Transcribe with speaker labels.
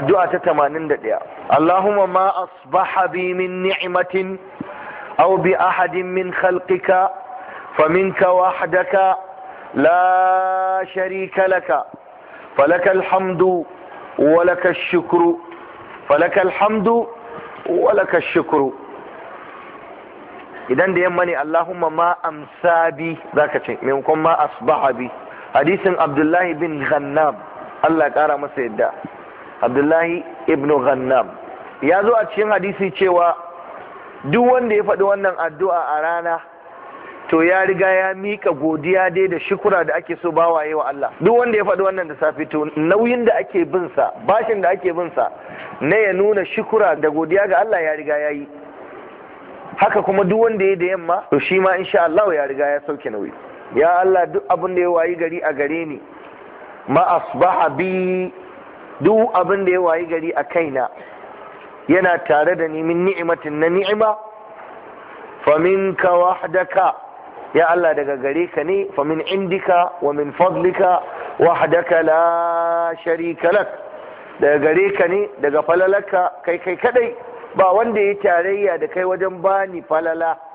Speaker 1: addu'a ta tamanin da ɗaya. Allahumma ma asbaha bi min ni'matin aw bi ahadin min khalqika faminka wahdaka la sharika laka falaka alhamdu wa laka ash-shukru falaka alhamdu wa laka ash-shukru idan da yamma ne Allahumma ma amsa bi zaka ce maimakon ma asbaha bi hadisin Abdullahi bin Ghannam Allah ya kara masa yadda abdullahi ibn ghannam ya zo a cikin hadisi cewa duk wanda ya faɗi wannan addu'a a rana to ya riga ya mika godiya dai da shukura da ake so waye wa Allah duk wanda ya faɗi wannan da safe to nauyin da ake bin sa bashin da ake bin sa na ya nuna shukura da godiya ga Allah ya riga yayi haka kuma duk wanda ya da yamma to shi ma insha Allah ya riga ya sauke nauyi ya Allah duk abin da ya wayi gari a gare ni ma asbaha bi duk abin da ya wayi gari a kaina yana tare da ni ni'imatin na ni'ima faminka hadaka ya Allah daga gare ka ne famin indika wa min fadlika hadaka la sharika lak daga gare ka ne daga falalaka kai kai kadai ba wanda ya tarayya da kai wajen bani falala